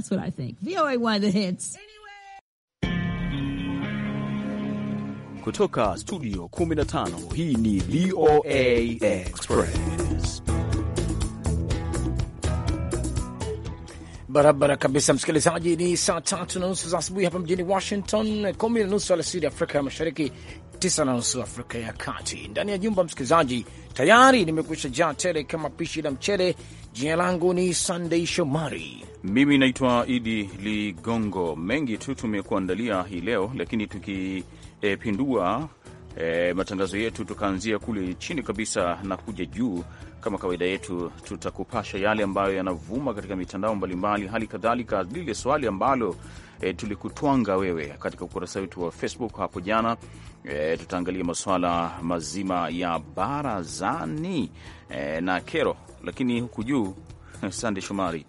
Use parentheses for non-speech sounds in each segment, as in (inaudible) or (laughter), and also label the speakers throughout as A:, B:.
A: That's what I think. VOA one the hits.
B: Kutoka studio 15 hii ni VOA Express. barabara kabisa,
C: msikilizaji. Ni saa tatu na nusu za asubuhi hapa mjini Washington, kumi na nusu alasiri Afrika ya Mashariki, tisa na nusu Afrika ya Kati. Ndani ya jumba, msikilizaji, tayari nimekwisha jaa tele kama pishi la mchele. Jina langu ni sandei Shomari,
B: mimi naitwa Idi Ligongo. Mengi tu tumekuandalia hii leo, lakini tukipindua e, eh, e, matangazo yetu tukaanzia kule chini kabisa na kuja juu kama kawaida yetu, tutakupasha yale ambayo yanavuma katika mitandao mbalimbali, hali kadhalika lile swali ambalo e, tulikutwanga wewe katika ukurasa wetu wa Facebook hapo jana. E, tutaangalia masuala mazima ya barazani e, na kero, lakini huku juu (laughs) Sande Shomari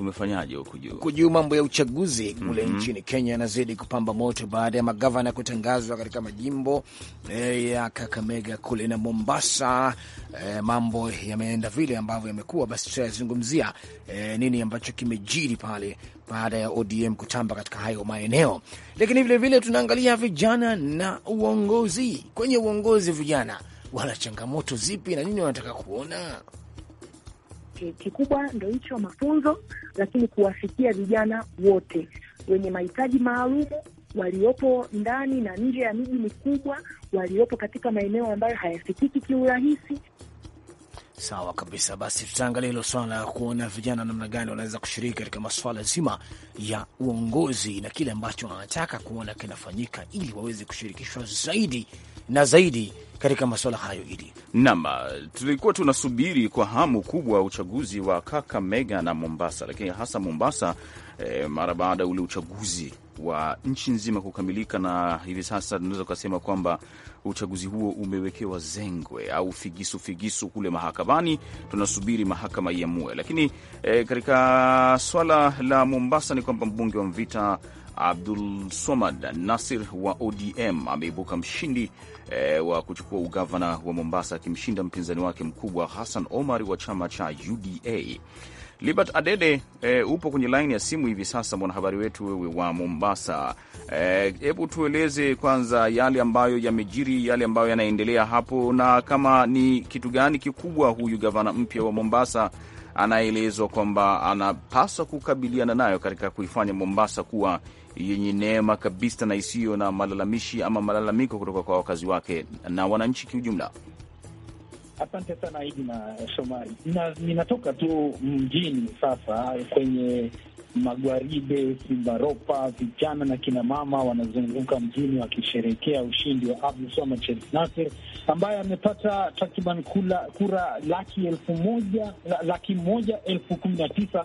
B: tumefanyaje huku juu kujua
C: Mambo ya uchaguzi kule mm -hmm. nchini Kenya yanazidi kupamba moto baada ya magavana kutangazwa katika majimbo e, ya Kakamega kule na Mombasa. E, mambo yameenda vile ambavyo yamekuwa, basi tutayazungumzia e, nini ambacho kimejiri pale baada ya ODM kutamba katika hayo maeneo, lakini vilevile tunaangalia vijana na uongozi. Kwenye uongozi vijana wana changamoto zipi na nini wanataka kuona
D: Kikubwa ndo hicho mafunzo, lakini kuwafikia vijana wote wenye mahitaji maalumu waliopo ndani na nje ya miji mikubwa, waliopo katika maeneo ambayo hayafikiki kiurahisi.
C: Sawa kabisa. Basi tutaangalia hilo swala la kuona vijana namna gani wanaweza kushiriki katika masuala zima ya uongozi na kile ambacho wanataka kuona kinafanyika, ili waweze kushirikishwa zaidi na zaidi katika masuala hayo. Ili
B: nam tulikuwa tunasubiri kwa hamu kubwa uchaguzi wa Kakamega na Mombasa, lakini hasa Mombasa eh, mara baada ya ule uchaguzi wa nchi nzima kukamilika, na hivi sasa tunaweza ukasema kwamba uchaguzi huo umewekewa zengwe au figisu figisu kule mahakamani, tunasubiri mahakama iamue. Lakini eh, katika swala la Mombasa ni kwamba mbunge wa Mvita Abdul Somad Nasir wa ODM ameibuka mshindi e, wa kuchukua ugavana wa Mombasa akimshinda mpinzani wake mkubwa Hassan Omar wa chama cha UDA. Libert Adede, e, upo kwenye laini ya simu hivi sasa, mwanahabari wetu wewe wa Mombasa. Eh, hebu e, tueleze kwanza yale ambayo yamejiri, yale ambayo yanaendelea hapo, na kama ni kitu gani kikubwa huyu gavana mpya wa Mombasa anaelezwa kwamba anapaswa kukabiliana nayo katika kuifanya Mombasa kuwa yenye neema kabisa na isiyo na malalamishi ama malalamiko kutoka kwa wakazi wake na wananchi kiujumla?
A: Asante sana Idi na Shomari. Ninatoka tu mjini sasa, kwenye magwaride, simbaropa, vijana na kinamama wanazunguka mjini wakisherehekea ushindi wa Abdulswamad Sharif Nassir ambaye amepata takriban kura laki elfu moja laki moja elfu kumi na tisa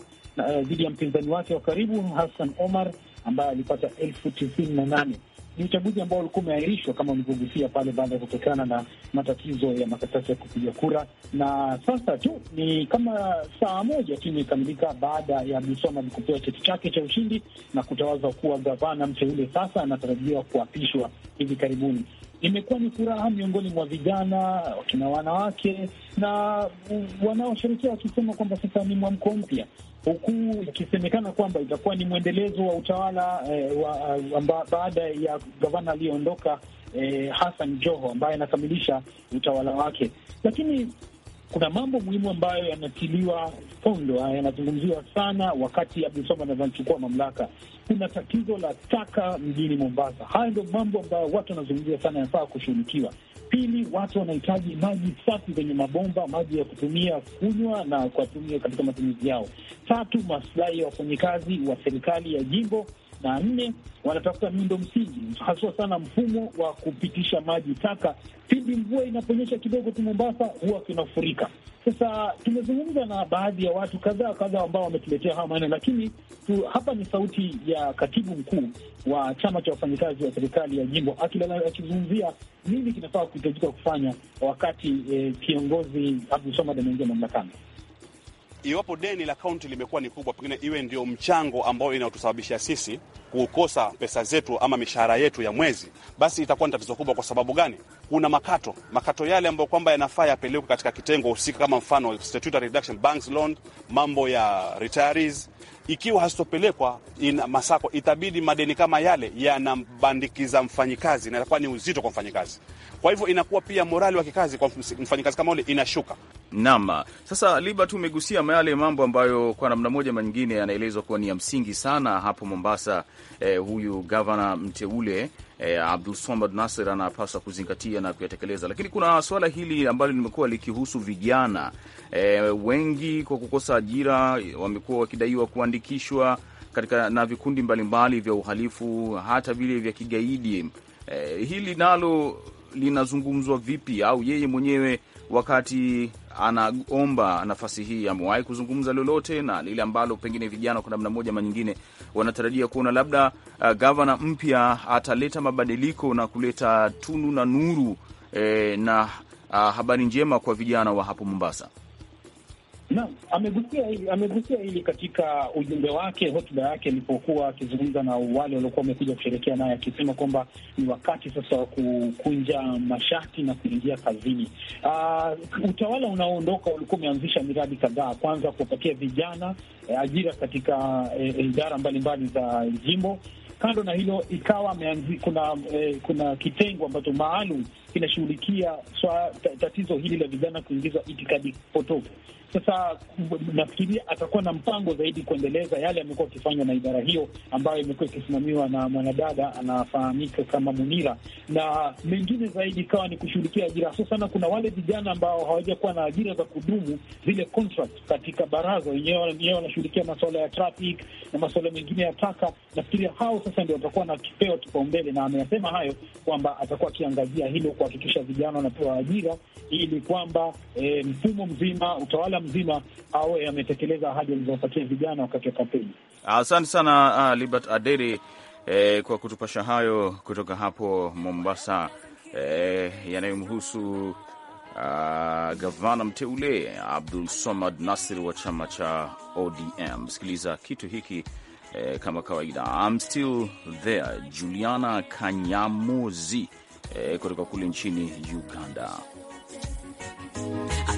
A: eh, dhidi ya mpinzani wake wa karibu Hassan Omar ambaye alipata elfu tisini na nane. Ni uchaguzi ambao ulikuwa umeahirishwa kama ulivyogusia pale, baada ya kutokana na matatizo ya makaratasi ya kupiga kura, na sasa tu ni kama saa moja tu imekamilika baada ya Abdulswamad kupewa cheti chake cha ushindi na kutawaza kuwa gavana mteule. Sasa anatarajiwa kuapishwa hivi karibuni. Imekuwa ni furaha miongoni mwa vijana, wakina wanawake na wanaosherekea, wakisema kwamba sasa ni mwamko mpya huku ikisemekana kwamba itakuwa ni mwendelezo wa utawala eh, wa, wa, baada ya gavana aliyoondoka eh, Hassan Joho ambaye anakamilisha utawala wake, lakini kuna mambo muhimu ambayo yanatiliwa fondo, eh, yanazungumziwa sana wakati Abdulswamad anavyochukua mamlaka. Kuna tatizo la taka mjini Mombasa. Haya ndio mambo ambayo watu wanazungumzia sana, yanafaa kushughulikiwa. Pili, watu wanahitaji maji safi kwenye mabomba, maji ya kutumia kunywa na kuwatumia katika matumizi yao. Tatu, maslahi ya wafanyikazi wa serikali ya jimbo na nne wanatafuta miundo msingi haswa sana mfumo wa kupitisha maji taka. Pindi mvua inaponyesha kidogo tu Mombasa huwa kinafurika. Sasa tumezungumza na baadhi ya watu kadhaa kadhaa ambao wametuletea haya maneno, lakini tu, hapa ni sauti ya katibu mkuu wa chama cha wafanyikazi wa serikali ya jimbo akizungumzia nini kinafaa kuhitajika kufanya wakati eh, kiongozi Abdulswamad ameingia mamlakani
E: iwapo deni la kaunti limekuwa ni kubwa, pengine iwe ndio mchango ambao inaotusababisha sisi kukosa pesa zetu ama mishahara yetu ya mwezi, basi itakuwa ni tatizo kubwa. Kwa sababu gani? Kuna makato, makato yale ambayo kwamba yanafaa yapelekwe katika kitengo husika, kama mfano statutory reduction, banks loan, mambo ya retirees. Ikiwa hazitopelekwa masako, itabidi madeni kama yale yanambandikiza mfanyikazi na itakuwa ni uzito kwa mfanyikazi. Kwa hivyo inakuwa pia morali wa kikazi kwa mfanyikazi kama ule inashuka. Naam, sasa Liba, tumegusia yale mambo ambayo kwa namna moja manyingine
B: yanaelezwa kuwa ni ya msingi sana hapo Mombasa eh, huyu gavana mteule eh, Abdul Swamad Nasir anapaswa kuzingatia na kuyatekeleza. Lakini kuna swala hili ambalo limekuwa likihusu vijana eh, wengi kwa kukosa ajira wamekuwa wakidaiwa kuandikishwa katika na vikundi mbalimbali vya uhalifu hata vile vya kigaidi. Eh, hili nalo linazungumzwa vipi, au yeye mwenyewe wakati anaomba nafasi hii, amewahi kuzungumza lolote na lile ambalo pengine vijana kwa namna moja ama nyingine wanatarajia kuona labda uh, gavana mpya ataleta mabadiliko na kuleta tunu na nuru eh, na uh, habari njema kwa vijana wa hapo Mombasa?
A: Naam, amegusia amegusia hili katika ujumbe wake, hotuba yake alipokuwa akizungumza na wale waliokuwa wamekuja kusherekea naye, akisema kwamba ni wakati sasa wa kukunja mashati na kuingia kazini. Uh, utawala unaoondoka ulikuwa umeanzisha miradi kadhaa, kwanza kuwapatia vijana eh, ajira katika eh, eh, idara mbalimbali za jimbo. Kando na hilo, ikawa ameanzi, kuna eh, kuna kitengo ambacho maalum kinashughulikia so, tatizo hili la vijana kuingiza itikadi potofu. Sasa nafikiria atakuwa na mpango zaidi kuendeleza yale amekuwa akifanywa na idara hiyo ambayo imekuwa ikisimamiwa na mwanadada anafahamika kama Munira, na mengine zaidi ikawa ni kushughulikia ajira, So sana kuna wale vijana ambao hawajakuwa na ajira za kudumu, zile contract katika baraza wenyewe wanashughulikia masuala ya traffic na masuala mengine ya taka. Nafikiria hao sasa ndio watakuwa na kipeo kipaumbele, na ameyasema hayo kwamba atakuwa akiangazia hilo kwa kuhakikisha vijana wanapewa ajira ili kwamba e, mfumo mzima, utawala mzima awe ametekeleza ahadi alizowapatia vijana wakati wa kampeni.
B: Asante sana uh, Libert aderi eh, kwa kutupasha hayo kutoka hapo Mombasa eh, yanayomhusu uh, gavana mteule Abdul Somad Nasir wa chama cha ODM. Sikiliza kitu hiki eh, kama kawaida. I'm still there, Juliana kanyamozi e, kutoka kule nchini Uganda. I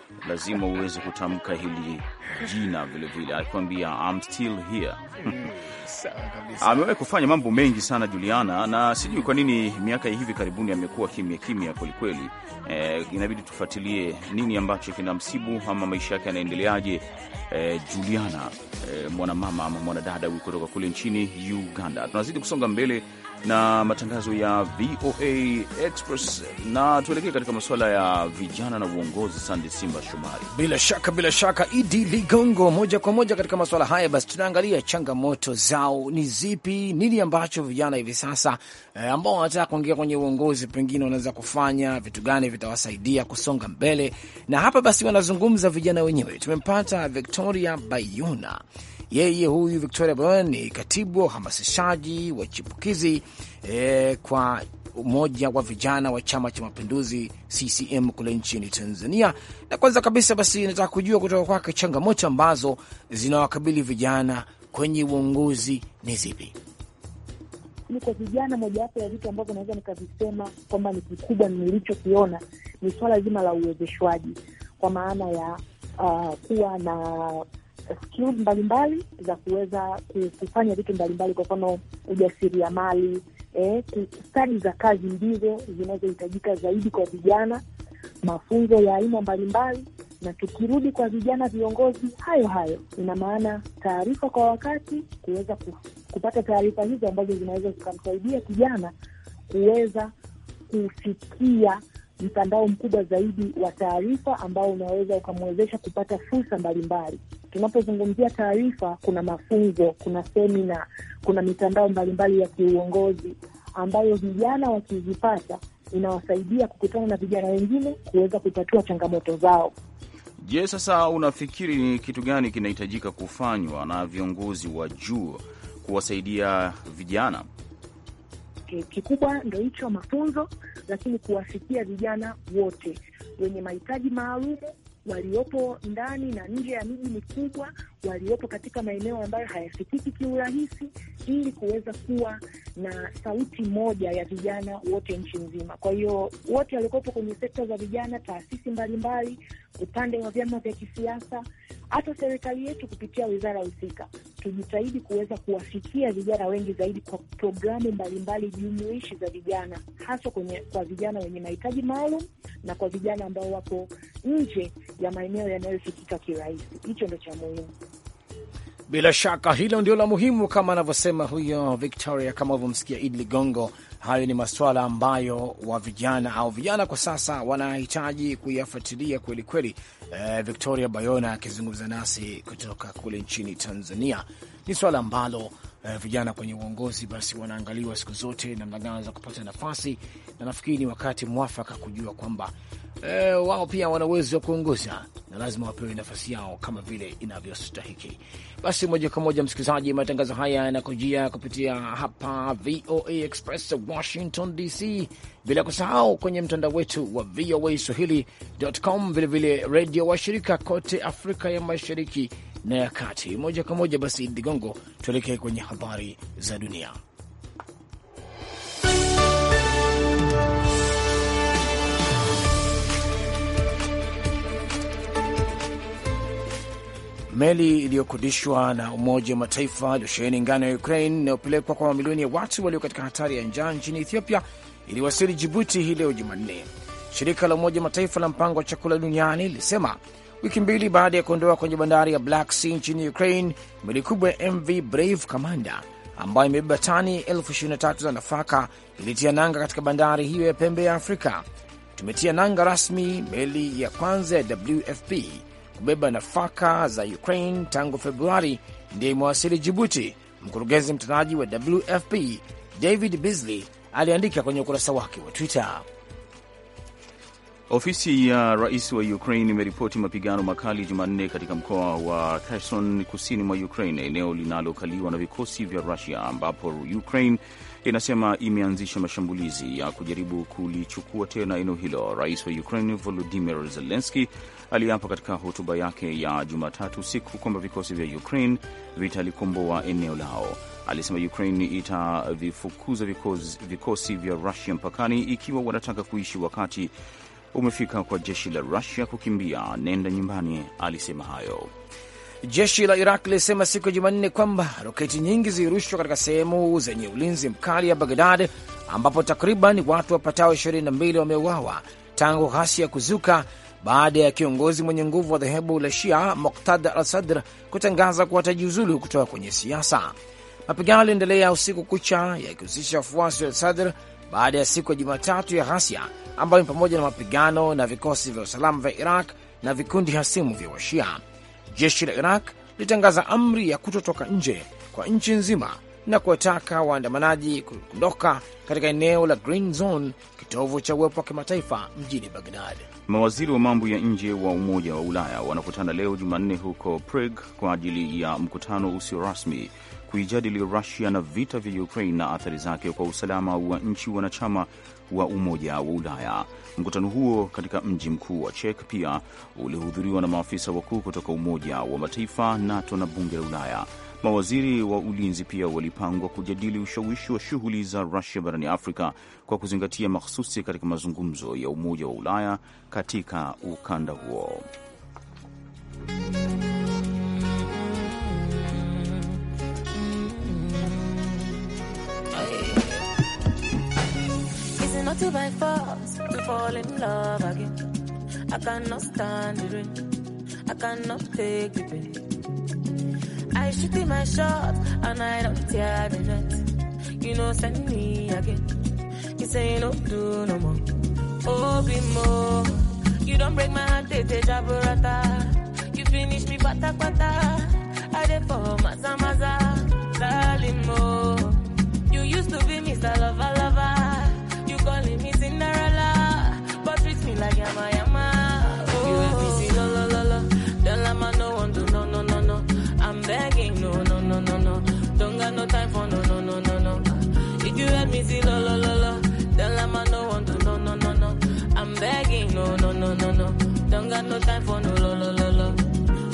B: lazima uweze kutamka hili jina vilevile, akikwambia I'm still here amewahi kufanya mambo mengi sana Juliana, na sijui kwa nini miaka ya hivi karibuni amekuwa kimya kimya kwelikweli. E, eh, inabidi tufuatilie nini ambacho kinamsibu ama maisha yake yanaendeleaje. E, Juliana e, mwanamama ama mwanadada huyu kutoka kule nchini Uganda. Tunazidi kusonga mbele na matangazo ya VOA Express, na tuelekee katika masuala ya vijana na uongozi. Sande Simba Shumari, bila
C: shaka bila shaka Idi Ligongo, moja kwa moja katika masuala haya. Basi tunaangalia changamoto zao ni zipi, nini ambacho vijana hivi sasa e, ambao wanataka kuingia kwenye uongozi pengine wanaweza kufanya vitu gani vitawasaidia kusonga mbele. Na hapa basi wanazungumza vijana wenyewe. Tumempata Victoria Bayona yeye huyu Victoria Bowen ni katibu wa uhamasishaji wa chipukizi eh, kwa umoja wa vijana wa chama cha mapinduzi CCM kule nchini Tanzania. Na kwanza kabisa basi, nataka kujua kutoka kwake changamoto ambazo zinawakabili vijana kwenye uongozi ni zipi?
D: kwa vijana, mojawapo ya vitu ambavyo naweza nikavisema kwamba ni kikubwa nilichokiona ni swala zima la uwezeshwaji, kwa maana ya uh, kuwa na skills mbalimbali za kuweza kufanya vitu mbalimbali, kwa mfano ujasiriamali, eh, stadi za kazi ndizo zinazohitajika zaidi kwa vijana, mafunzo ya aina mbalimbali. Na tukirudi kwa vijana viongozi, hayo hayo, ina maana taarifa kwa wakati, kuweza kupata taarifa hizo ambazo zinaweza zikamsaidia kijana kuweza kufikia mtandao mkubwa zaidi wa taarifa ambao unaweza ukamwezesha kupata fursa mbalimbali tunapozungumzia taarifa, kuna mafunzo, kuna semina, kuna mitandao mbalimbali ya kiuongozi ambayo vijana wakizipata inawasaidia kukutana na vijana wengine kuweza kutatua changamoto zao.
B: Je, sasa unafikiri ni kitu gani kinahitajika kufanywa na viongozi wa juu kuwasaidia vijana?
D: Kikubwa ndo hicho mafunzo, lakini kuwafikia vijana wote wenye mahitaji maalumu waliopo ndani na nje ya miji mikubwa, waliopo katika maeneo ambayo hayafikiki kiurahisi, ili kuweza kuwa na sauti moja ya vijana wote nchi nzima. Kwa hiyo wote waliokopo kwenye sekta za vijana, taasisi mbalimbali, upande wa vyama vya kisiasa, hata serikali yetu kupitia wizara husika tujitahidi kuweza kuwafikia vijana wengi zaidi kwa programu mbalimbali jumuishi za vijana, haswa kwa vijana wenye mahitaji maalum na kwa vijana ambao wapo nje ya maeneo yanayofikika kirahisi. Hicho ndo cha muhimu.
C: Bila shaka hilo ndio la muhimu, kama anavyosema huyo Victoria, kama ulivyomsikia Idi Ligongo Hayo ni masuala ambayo wa vijana au vijana kwa sasa wanahitaji kuyafuatilia kweli kweli. Eh, Victoria Bayona akizungumza nasi kutoka kule nchini Tanzania, ni suala ambalo uh, vijana kwenye uongozi, basi wanaangaliwa siku zote namna gani wanaweza kupata nafasi, na nafikiri ni wakati mwafaka kujua kwamba uh, wao pia wana uwezo wa kuongoza na lazima wapewe nafasi yao kama vile inavyostahiki. Basi moja kwa moja, msikilizaji, matangazo haya yanakujia kupitia hapa VOA Express Washington DC, bila kusahau kwenye mtandao wetu wa VOA Swahili.com, vilevile redio washirika kote Afrika ya Mashariki na ya kati. Moja kwa moja basi, Idi Ligongo, tuelekee kwenye habari za dunia. Meli iliyokodishwa na Umoja wa Mataifa iliyosheheni ngano ya Ukraine inayopelekwa kwa mamilioni ya watu walio katika hatari ya njaa nchini Ethiopia iliwasili Jibuti hii leo Jumanne. Shirika la Umoja wa Mataifa la Mpango wa Chakula Duniani lilisema wiki mbili baada ya kuondoa kwenye bandari ya Black Sea nchini Ukraine meli kubwa ya MV Brave Commander ambayo imebeba tani elfu ishirini na tatu za nafaka ilitia nanga katika bandari hiyo ya pembe ya Afrika. Tumetia nanga rasmi meli ya kwanza ya WFP kubeba nafaka za Ukraine tangu Februari, ndiyo imewasili Jibuti, mkurugenzi mtendaji wa WFP David Beasley aliandika kwenye ukurasa wake wa Twitter.
B: Ofisi ya rais wa Ukraine imeripoti mapigano makali Jumanne katika mkoa wa Kherson kusini mwa Ukraine, eneo linalokaliwa na vikosi vya Rusia, ambapo Ukraine inasema imeanzisha mashambulizi ya kujaribu kulichukua tena eneo hilo. Rais wa Ukraine Volodimir Zelenski aliapa katika hotuba yake ya Jumatatu siku kwamba vikosi vya Ukraine vitalikomboa eneo lao. Alisema Ukraine itavifukuza vikosi, vikosi vya Rusia mpakani ikiwa wanataka kuishi wakati umefika kwa jeshi la Rusia kukimbia, nenda nyumbani, alisema hayo. Jeshi la Iraq lilisema siku ya Jumanne kwamba roketi nyingi zilirushwa
C: katika sehemu zenye ulinzi mkali ya Bagdad, ambapo takriban watu wapatao 22 wameuawa tangu ghasia kuzuka baada ya kiongozi mwenye nguvu wa dhehebu la Shia Moktad al Sadr kutangaza kuwa atajiuzulu kutoka kwenye siasa. Mapigano yaliendelea usiku kucha yakihusisha wafuasi wa Sadr baada ya siku ya Jumatatu ya ghasia ambayo ni pamoja na mapigano na vikosi vya usalama vya Iraq na vikundi hasimu vya Washia. Jeshi la Iraq lilitangaza amri ya kutotoka nje kwa nchi nzima na kuwataka waandamanaji kuondoka katika eneo la Green Zone, kitovu cha uwepo wa kimataifa mjini Bagdad.
B: Mawaziri wa mambo ya nje wa Umoja wa Ulaya wanakutana leo Jumanne huko Prague kwa ajili ya mkutano usio rasmi kuijadili Rusia na vita vya Ukraine na athari zake kwa usalama wa nchi wanachama wa Umoja wa Ulaya. Mkutano huo katika mji mkuu wa chek pia ulihudhuriwa na maafisa wakuu kutoka Umoja wa Mataifa, NATO na Bunge la Ulaya. Mawaziri wa ulinzi pia walipangwa kujadili ushawishi wa shughuli za Rusia barani Afrika kwa kuzingatia makhususi katika mazungumzo ya Umoja wa Ulaya katika ukanda huo.
F: to by force to fall in love again. I cannot stand the rain. I cannot take the pain. I shoot in my shot and I don't tear the net. You know, send me again. You say you don't do no more. Oh, be more. You don't break my heart, they take jaburata. You finish me, pata pata. I dey for maza maza, darling more. You used to be Mr. Lover. Cinderella, but treat me like I'm a yama. Oh. You have me see, la la la la. no one do, no, no, no, no. I'm begging, no, no, no, no, no. Don't got no time for no, no, no, no, no. If you have me see, la la la la. Don't let no one do, no, no, no, no. I'm begging, no, no, no, no, no. Don't got no time for no, la la la la.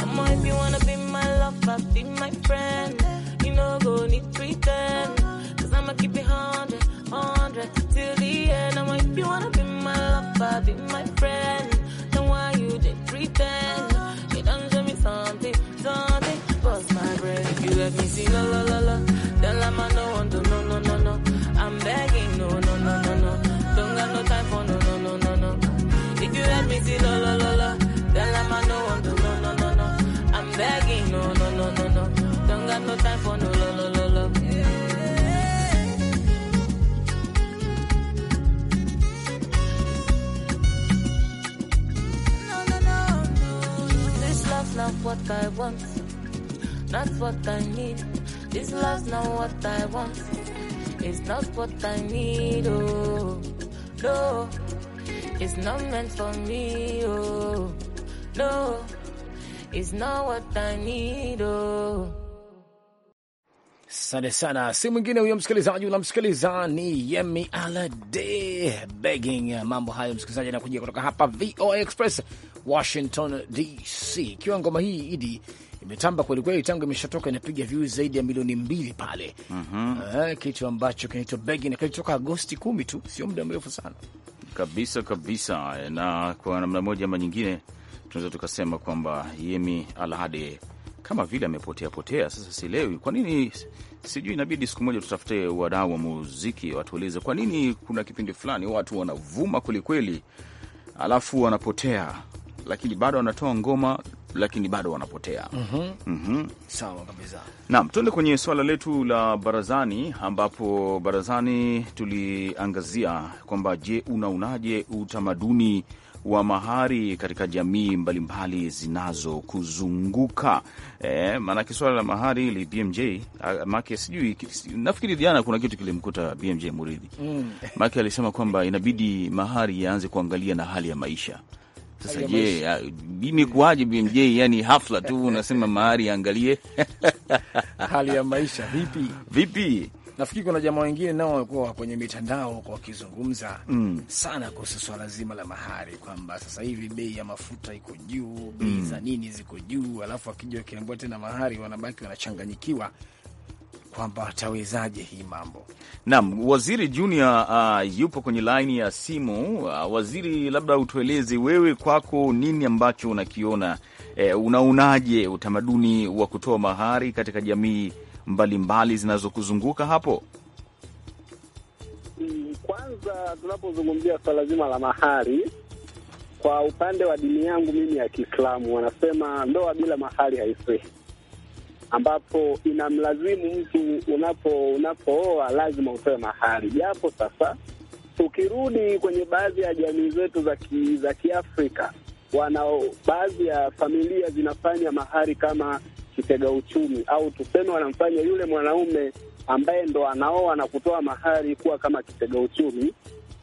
F: I'm if you wanna be my lover, be my friend. not what I want, not what I need. This love's not what I want, it's not what I need. Oh, no, it's not meant for me. Oh, no, it's not what I need. Oh. Asante sana,
C: si mwingine huyo msikilizaji, unamsikiliza ni Yemi Alade begging. Mambo hayo msikilizaji anakujia kutoka hapa VOA Express Washington DC. Ikiwa ngoma hii idi imetamba kwelikweli, tangu imeshatoka inapiga views zaidi ya milioni mbili pale. mm -hmm. Uh, kitu ambacho kinaitwa begi na kilitoka Agosti kumi tu, sio muda mrefu sana
B: kabisa kabisa, na kwa namna moja ama nyingine tunaweza tukasema kwamba Yemi Alade kama vile amepotea potea. Sasa sielewi kwa nini, sijui. Inabidi siku moja tutafute wadau wa muziki watueleze kwa nini kuna kipindi fulani watu wanavuma kwelikweli, alafu wanapotea lakini bado wanatoa ngoma, lakini bado wanapotea. mm -hmm. mm -hmm. Sawa kabisa. Naam, tuende kwenye suala letu la barazani, ambapo barazani tuliangazia kwamba je, unaonaje utamaduni wa mahari katika jamii mbalimbali zinazokuzunguka e, maanake swala la mahari li BMJ ah, make sijui, nafikiri jana kuna kitu kilimkuta BMJ Muridhi mm. make alisema kwamba inabidi mahari yaanze kuangalia na hali ya maisha
G: sasa je,
B: imekuwaje BMJ? Yani hafla tu unasema mahari angalie (laughs) hali ya maisha vipi vipi.
C: Nafikiri kuna jamaa wengine nao wamekuwa kwenye mitandao kwa wakizungumza mm. sana kuhusu swala zima la mahari, kwamba sasa hivi bei ya mafuta iko juu, mm. bei mm. za nini ziko juu, alafu wakija wakiambiwa tena mahari wanabaki wanachanganyikiwa kwamba atawezaje hii mambo.
B: Naam, Waziri Junior uh, yupo kwenye laini ya simu. Uh, waziri, labda utueleze wewe kwako nini ambacho unakiona, eh, unaonaje utamaduni wa kutoa mahari katika jamii mbalimbali zinazokuzunguka hapo?
H: Mm, kwanza tunapozungumzia swala zima la mahari, kwa upande wa dini yangu mimi ya Kiislamu, wanasema ndoa bila mahari haiswihi ambapo inamlazimu mtu unapo unapooa lazima utoe mahari, japo sasa tukirudi kwenye baadhi ya jamii zetu za ki, za Kiafrika wanao baadhi ya familia zinafanya mahari kama kitega uchumi, au tuseme wanamfanya yule mwanaume ambaye ndo anaoa na kutoa mahari kuwa kama kitega uchumi.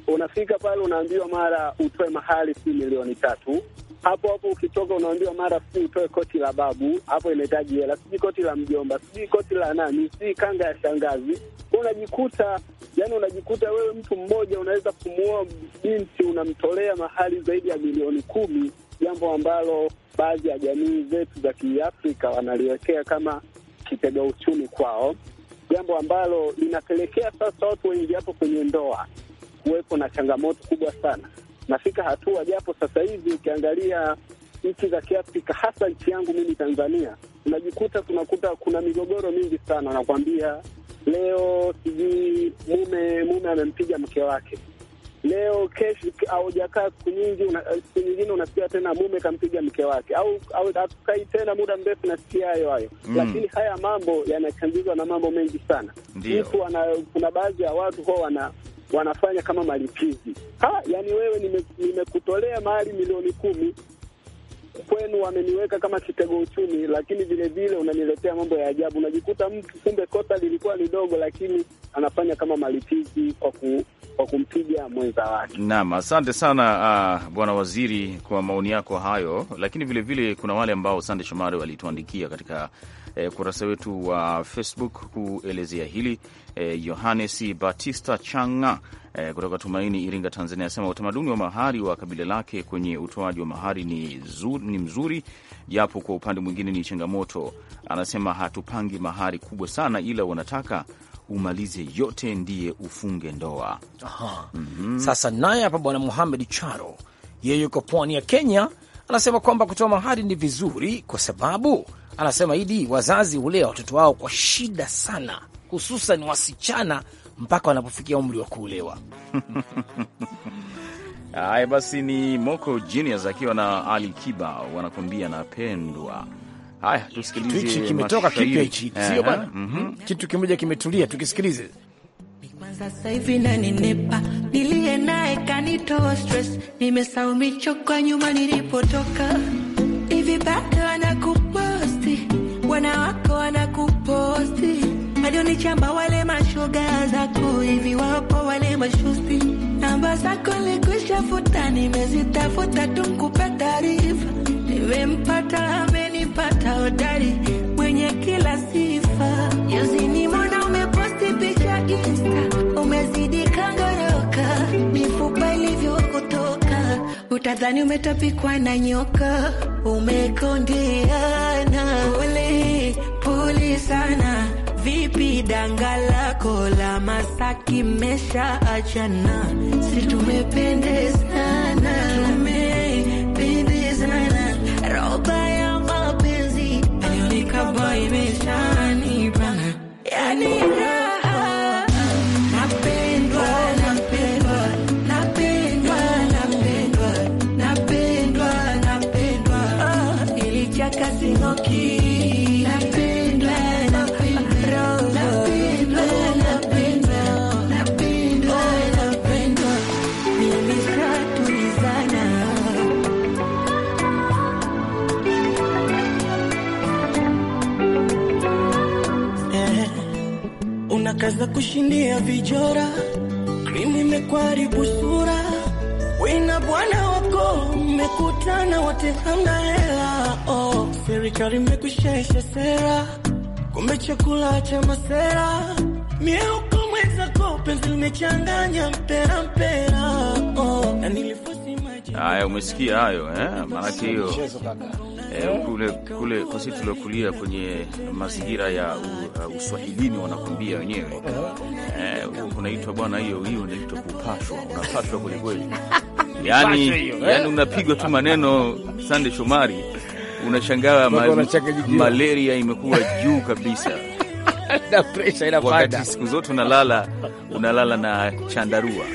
H: Unafika pale unaambiwa mara utoe mahari si milioni tatu, hapo hapo ukitoka unaambiwa mara sijui utoe koti la babu, hapo inahitaji hela, sijui koti la mjomba, sijui koti la nani, sijui kanga ya shangazi. Unajikuta yani, unajikuta wewe mtu mmoja unaweza kumuoa binti, unamtolea mahali zaidi ya milioni kumi, jambo ambalo baadhi ya jamii zetu za Kiafrika wanaliwekea kama kitega uchumi kwao, jambo ambalo linapelekea sasa watu wengi hapo kwenye ndoa kuwepo na changamoto kubwa sana nafika hatua, japo sasa hivi ukiangalia nchi za Kiafrika, hasa nchi yangu mimi Tanzania, unajikuta tunakuta kuna migogoro mingi sana. Nakwambia leo sijui mume mume amempiga mke wake leo, kesho aujakaa siku nyingi, siku nyingine unasikia tena mume kampiga mke wake, au au tena muda mrefu nasikia hayo hayo mm. Lakini haya mambo yanachangizwa na mambo mengi sana. Mtu ana, kuna baadhi ya watu huwa wana wanafanya kama malipizi. Ha, yani wewe nimekutolea nime mali milioni kumi kwenu wameniweka kama kitego uchumi, lakini vilevile unaniletea mambo ya ajabu. Unajikuta mtu kumbe kota lilikuwa lidogo, lakini anafanya kama malipizi kwa ku kwa kumpiga mwenza wake.
B: Naam, asante sana uh, bwana waziri kwa maoni yako hayo, lakini vilevile vile kuna wale ambao Sande Shomari walituandikia katika Eh, kurasa wetu wa Facebook kuelezea hili eh, Yohanes Batista Changa eh, kutoka Tumaini, Iringa, Tanzania asema utamaduni wa mahari wa kabila lake kwenye utoaji wa mahari ni, zur, ni mzuri japo kwa upande mwingine ni changamoto. Anasema hatupangi mahari kubwa sana, ila wanataka umalize yote ndiye ufunge ndoa.
G: Aha. Mm
B: -hmm. Sasa naye hapa bwana
C: Muhamed Charo yeye yuko pwani ya Kenya anasema kwamba kutoa mahari ni vizuri, kwa sababu anasema Idi, wazazi hulea watoto wao kwa shida sana, hususan wasichana mpaka wanapofikia umri wa kuolewa. (laughs)
B: Haya basi, ni Moko Genius akiwa na Ali Kiba wanakuambia napendwa. Haya, tusikilize hichi kimetoka kipya hichi, sio bwana?
C: Mhm. Kitu kimoja kimetulia, tukisikilize.
F: Kwanza sasa hivi naye kanitoa stress, nimesahau michoko nyuma nilipotoka. Hivi bado wanakuposti, wanawako wanakuposti, walionichamba wale mashoga zako, hivi wapo wale mashusti, namba zako likwisha futa, nimezitafuta tu nikupe taarifa, nimempata amenipata hodari mwenye kila siku utadhani umetapikwa na nyoka, umekondiana pole puli sana. Vipi danga lako la Masaki mesha achana, si tumependezana, tumependezana, roba ya
G: mapenzi
F: kaza za kushindia vijora, krimu imekwaribu sura, wina bwana wako mmekutana wote, hamna hela. Oh, serikali imekushesha sera, kumbe chakula cha masera, mieuko mwenzako penzi limechanganya mpera mpera. Oh, na
G: nilifosi
B: maji haya, umesikia hayo eh? Maana hiyo Eh, kule kule kwa sisi tuliokulia kwenye mazingira ya uh, uswahilini wanakuambia wenyewe eh, unaitwa bwana, hiyo hiyo unaitwa kupashwa, unapashwa kweli kweli, (laughs) yani yani unapigwa tu maneno. Sande Shomari, unashangaa ma, malaria imekuwa juu kabisa
H: (laughs) na presha inapanda, wakati siku
B: zote unalala unalala na chandarua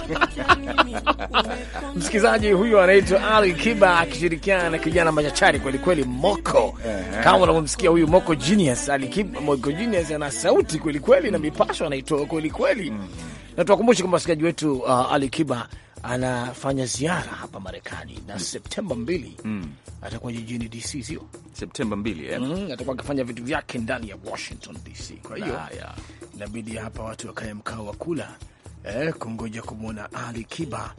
B: (laughs)
G: (laughs)
C: Msikilizaji huyu anaitwa Ali Kiba akishirikiana na kijana machachari kweli kweli Moko. Kama unavyomsikia huyu Moko Genius, Ali Kiba Moko Genius ana sauti kweli kweli na mipasho anaitoa kweli kweli. Mm. na tuwakumbushe kwamba msikilizaji wetu uh, Ali Kiba anafanya ziara hapa Marekani na mm. Septemba mbili mm. atakuwa jijini DC, sio
B: Septemba mbili yeah.
C: mm, atakuwa akifanya vitu vyake ndani ya Washington DC. Kwa hiyo ah, inabidi hapa watu wakae mkao wa kula eh, kungoja kumwona Ali Kiba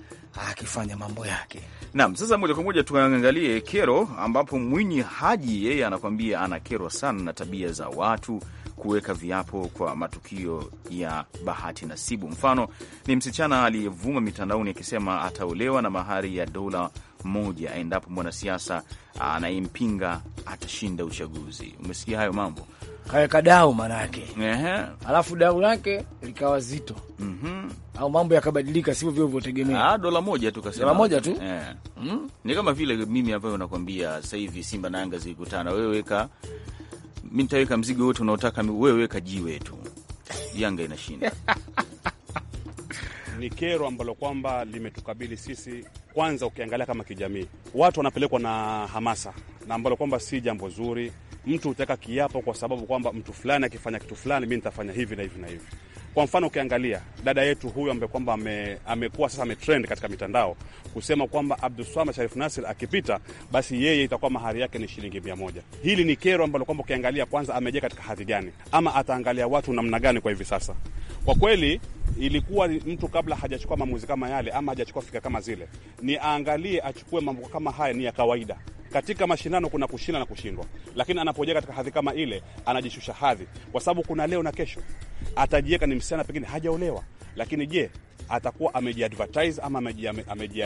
C: akifanya mambo yake.
B: Naam, sasa moja kwa moja tuangalie kero, ambapo Mwinyi Haji yeye anakuambia anakerwa sana na tabia za watu kuweka viapo kwa matukio ya bahati nasibu. Mfano ni msichana aliyevuma mitandaoni akisema ataolewa na mahari ya dola moja endapo mwanasiasa anayempinga atashinda uchaguzi. Umesikia hayo mambo?
C: kaweka dau manake, alafu dau lake likawa zito mm -hmm. au mambo yakabadilika, sivyo vile ulivyotegemea. Ah,
B: dola moja tu kasema, dola moja tu yeah. mm? ni kama vile mimi ambayo nakwambia sasa hivi Simba na Yanga zilikutana, wewe weka mi ntaweka mzigo wote unaotaka wewe, weka jiwe tu, Yanga inashinda
E: (laughs) ni kero ambalo kwamba limetukabili sisi. Kwanza ukiangalia kama kijamii, watu wanapelekwa na hamasa na ambalo kwamba si jambo zuri mtu hutaka kiapo kwa sababu kwamba mtu fulani akifanya kitu fulani, mi nitafanya hivi na hivi na hivi. Kwa mfano ukiangalia dada yetu huyu ambaye kwamba amekuwa sasa ametrend katika mitandao kusema kwamba Abdulswamad Sharif Nasir akipita basi yeye itakuwa mahari yake ni shilingi mia moja. Hili ni kero ambalo kwamba ukiangalia kwanza amejea katika hadhi gani ama ataangalia watu namna gani kwa hivi sasa. Kwa kweli ilikuwa mtu kabla hajachukua maamuzi kama yale ama hajachukua fikra kama zile, ni aangalie achukue mambo kama haya ni ya kawaida katika mashindano kuna kushinda na kushindwa, lakini anapojia katika hadhi kama ile anajishusha hadhi, kwa sababu kuna leo na kesho. Atajiweka ni msichana, pengine hajaolewa, lakini je, atakuwa amejiadvertise ama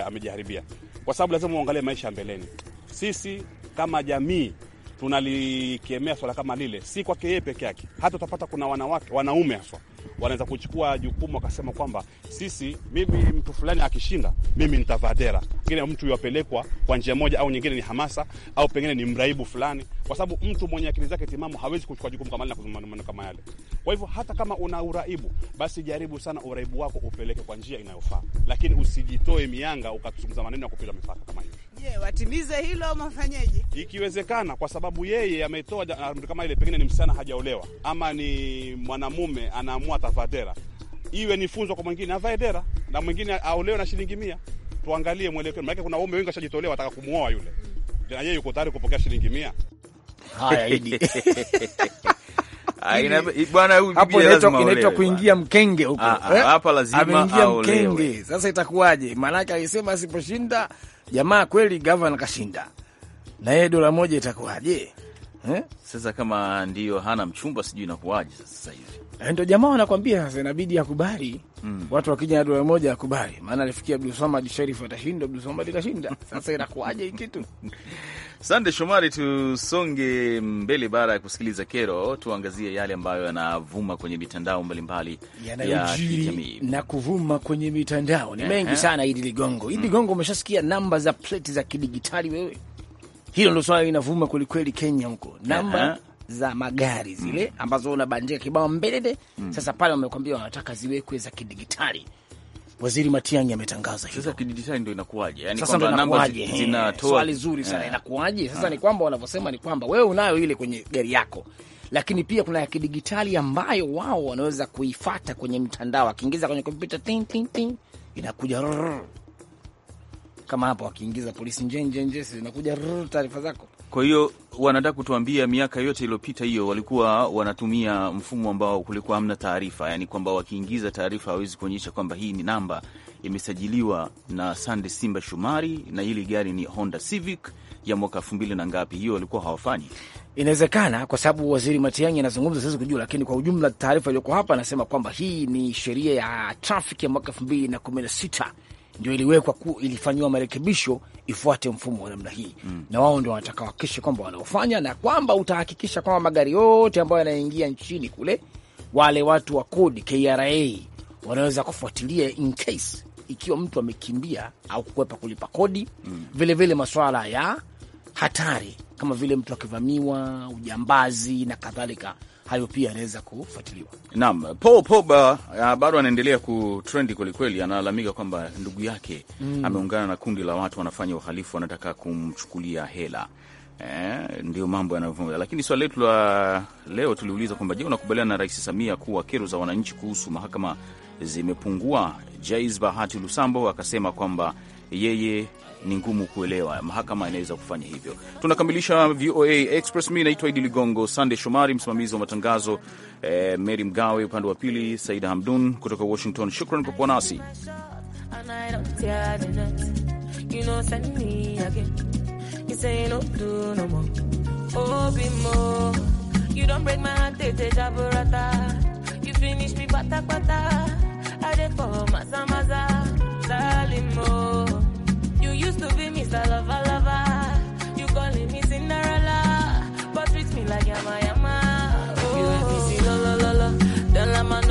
E: amejiharibia? kwa sababu lazima uangalie maisha ya mbeleni. Sisi kama jamii tunalikemea swala kama lile, si kwake yeye peke yake, hata utapata kuna wanawake wanaume haswa wanaweza kuchukua jukumu wakasema kwamba sisi, mimi mtu fulani akishinda, mimi nitavaa dera. Pengine mtu yuwapelekwa kwa njia moja au nyingine, ni hamasa au pengine ni mraibu fulani, kwa sababu mtu mwenye akili zake timamu hawezi kuchukua jukumu kama lile na kuzungumza maneno kama yale. Kwa hivyo hata kama una uraibu, basi jaribu sana uraibu wako upeleke kwa njia inayofaa, lakini usijitoe mianga ukazungumza maneno ya kupita mipaka kama hiyo.
F: Je, watimize hilo au
E: Ikiwezekana, kwa sababu yeye ametoa amri ah, kama ile, pengine ni msichana hajaolewa ama ni mwanamume anaamua atavaa iwe ni funzo kwa mwingine avae dera na mwingine aolewe na shilingi mia. Tuangalie mwelekeo, maanake kuna waume wengi washajitolea wataka kumuoa yule, na yeye yuko tayari kupokea shilingi mia.
G: Haya, hidi (laughs) hapo inaitwa
C: kuingia mkenge huko, ah, ah, ameingia mkenge. Sasa itakuwaje? Maanake alisema asiposhinda jamaa kweli gavana kashinda, na yeye dola moja itakuwaje?
B: Eh? Sasa kama ndio hana mchumba sijui inakuwaje sasa hivi. Eh, jamaa wanakwambia sasa inabidi akubali. Mm. Watu wakija na
C: moja akubali. Maana alifikia Abdul Samad Sharif atashinda, Abdul Samad atashinda. (laughs) Sasa inakuwaje hii kitu?
B: Sande Shomari, tusonge mbele baada ya kusikiliza kero, tuangazie yale ambayo yanavuma kwenye mitandao mbalimbali ya Na
C: kuvuma kwenye mitandao ni mengi eh, sana, Idi Ligongo. Idi hmm. Ligongo, umeshasikia namba za pleti za kidigitali wewe? Hilo ndo swala linavuma kwelikweli Kenya huko, namba za magari zile mm. ambazo unabandika kibao mbelele. Mm. Sasa pale wamekwambia wanataka ziwekwe za kidigitali.
B: Waziri Matiang'i ametangaza hilo. Sasa kidijitali ndo inakuwaje? Yani kwamba namba zinatoa. Swali zuri sana, eh. inakuwaje? Sasa ah. ni
C: kwamba wanavyosema ni kwamba wewe unayo ile kwenye gari yako, lakini pia kuna ya kidigitali ambayo wao wanaweza kuifata kwenye mtandao, akiingiza kwenye kompyuta tin tin tin inakuja rrr kama hapo wakiingiza polisi nje nje njenjenje, zinakuja taarifa zako.
B: Kwa hiyo wanataka kutuambia miaka yote iliyopita hiyo walikuwa wanatumia mfumo ambao kulikuwa hamna taarifa, yani kwamba wakiingiza taarifa hawezi kuonyesha kwamba hii ni namba imesajiliwa na Sande Simba Shumari na hili gari ni Honda Civic ya mwaka elfu mbili na ngapi, hiyo walikuwa hawafanyi.
C: Inawezekana kwa sababu waziri Matiang'i anazungumza, siwezi kujua, lakini kwa ujumla taarifa iliyoko hapa anasema kwamba hii ni sheria ya trafiki ya mwaka elfu mbili na kumi na sita ndio iliwekwa ku, ilifanyiwa marekebisho ifuate mfumo wa namna hii mm. na wao ndio wanataka wahakikishe kwamba wanaofanya na kwamba utahakikisha kwamba magari yote ambayo yanaingia nchini kule wale watu wa kodi KRA wanaweza kufuatilia in case ikiwa mtu amekimbia au kukwepa kulipa kodi mm. vilevile masuala ya hatari kama vile mtu akivamiwa, ujambazi na kadhalika hayo pia yanaweza kufuatiliwa.
B: Naam, Paul Pogba ah, bado anaendelea kutrendi kwelikweli, analalamika kwamba ndugu yake mm, ameungana na kundi la watu wanafanya uhalifu, wanataka kumchukulia hela. Eh, ndio mambo yanavyoa. Lakini swali letu la leo tuliuliza kwamba je, unakubaliana na Rais Samia kuwa kero za wananchi kuhusu mahakama zimepungua? Jais Bahati Lusambo akasema kwamba yeye ni ngumu kuelewa, mahakama inaweza kufanya hivyo. Tunakamilisha VOA Express. Mi naitwa Idi Ligongo, Sande Shomari msimamizi wa matangazo eh, Mary Mgawe upande wa pili, Saida Hamdun kutoka Washington. Shukran kwa kuwa nasi.
F: used to be Mr. Lover Lover. You calling me Cinderella, but treat me like Yama Yama. Oh. You like me, see, lo, lo, lo, lo. Don't let me know.